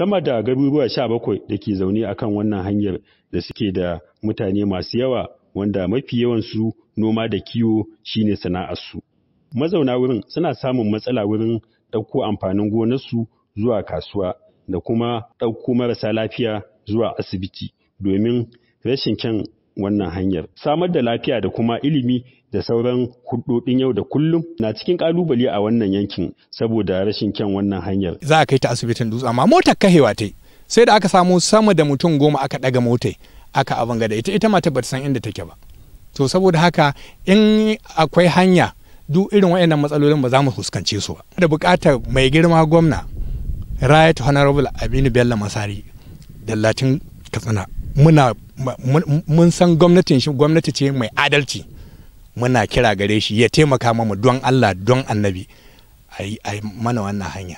sama da garuruwa sha bakwai da ke zaune a kan wannan hanyar da suke da mutane masu yawa wanda mafi yawansu noma da kiwo shine sana'arsu. Mazauna wurin suna samun matsala wurin ɗauko amfanin gonarsu zuwa kasuwa da kuma ɗauko marasa lafiya zuwa asibiti domin rashin kyan wannan hanyar. Samar da lafiya da kuma ilimi da sauran hudodin yau da kullum na cikin kalubale a wannan yankin saboda rashin kyan wannan hanyar. Za a kai ta asibitin dutse amma motar kahewa ta sai da aka samu sama da mutum goma aka daga motai aka abin gada. ita ita mata bata san inda take ba. To saboda haka in akwai hanya duk irin waɗannan matsalolin ba za mu fuskance su ba. Da buƙatar mai girma gwamna Right Honorable Aminu Bello Masari Dallatin Katsina muna mun san gwamnatin gwamnati ce mai adalci. muna kira gare shi ya taimaka mamu don Allah don annabi a mana wannan hanya.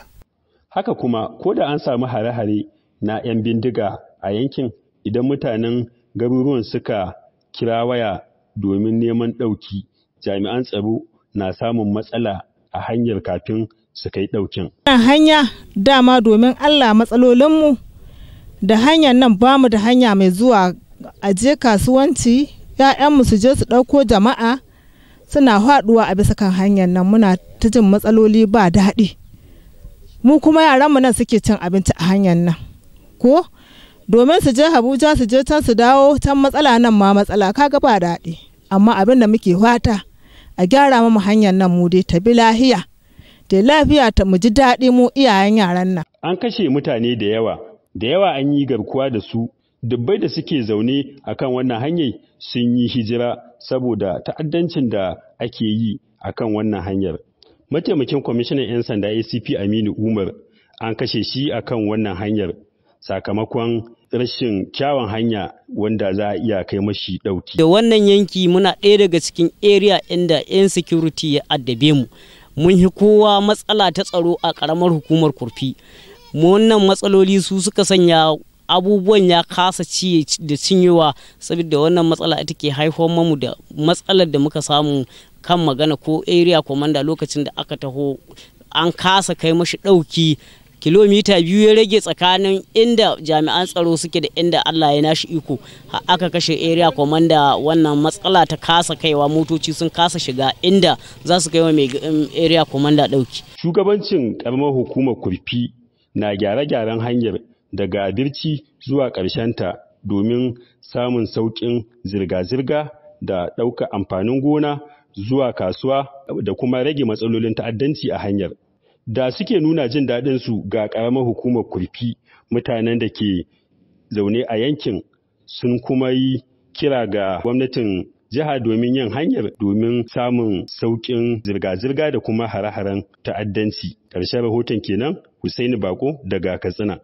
Haka kuma ko da an samu hare-hare na 'yan bindiga a yankin idan mutanen garuruwan suka kira waya domin neman ɗauki jami'an tsaro na samun matsala a hanyar kafin su kai ɗaukin. hanya dama domin Allah matsalolinmu da hanyar nan bamu da hanya mai zuwa aje kasuwanci 'ya'yanmu su je su ɗauko jama'a suna haɗuwa a bisa kan hanyar nan muna ta jin matsaloli ba daɗi mu kuma yaran mu nan suke cin abinci a hanyar nan ko domin su je Habuja su je can su dawo can matsala nan ma matsala kaga ba daɗi amma abin da muke fata a gyara mu hanyar nan mu dai ta bi lahiya da lafiya ta mu ji daɗi mu iyayen yaran nan an kashe mutane da yawa da yawa an yi garkuwa da su dubbai da suke zaune a kan wannan hanyar sun yi hijira saboda ta'addancin da ake yi a kan wannan hanyar mataimakin kwamishinan 'yan sanda acp aminu umar an kashe shi a kan wannan hanyar sakamakon rashin kyawun hanya wanda za a iya kai mashi ɗauki. Da wannan yanki muna ɗaya daga cikin area inda 'yan security ya addabe mu. Mun yi kowa matsala ta tsaro a ƙaramar hukumar kurfi. Wannan matsaloli su suka sanya abubuwan ya kasa ci da cinyewa saboda wannan matsala ita ke haifo mamu da matsalar da muka samu kan magana ko area commander lokacin da aka taho an kasa kai mashi ɗauki kilomita biyu ya rage tsakanin inda jami'an tsaro suke da inda Allah ya nashi iko aka kashe area komanda wannan matsala ta kasa kaiwa motoci sun kasa shiga inda za su wa mai um, area komanda ɗauki. shugabancin karamar hukumar kurfi na gyare-gyaren hanyar daga Birci zuwa ƙarshenta domin samun sauƙin zirga-zirga da ɗauka amfanin gona zuwa kasuwa da kuma rage matsalolin ta'addanci a hanyar. Da suke nuna jin daɗin su ga ƙaramar hukumar Kurfi mutanen da ke zaune a yankin sun kuma yi kira ga gwamnatin jiha domin yin hanyar domin samun sauƙin zirga-zirga da kuma hare-haren ta'addanci. Ƙarshen rahoton kenan Hussaini Bako daga Katsina.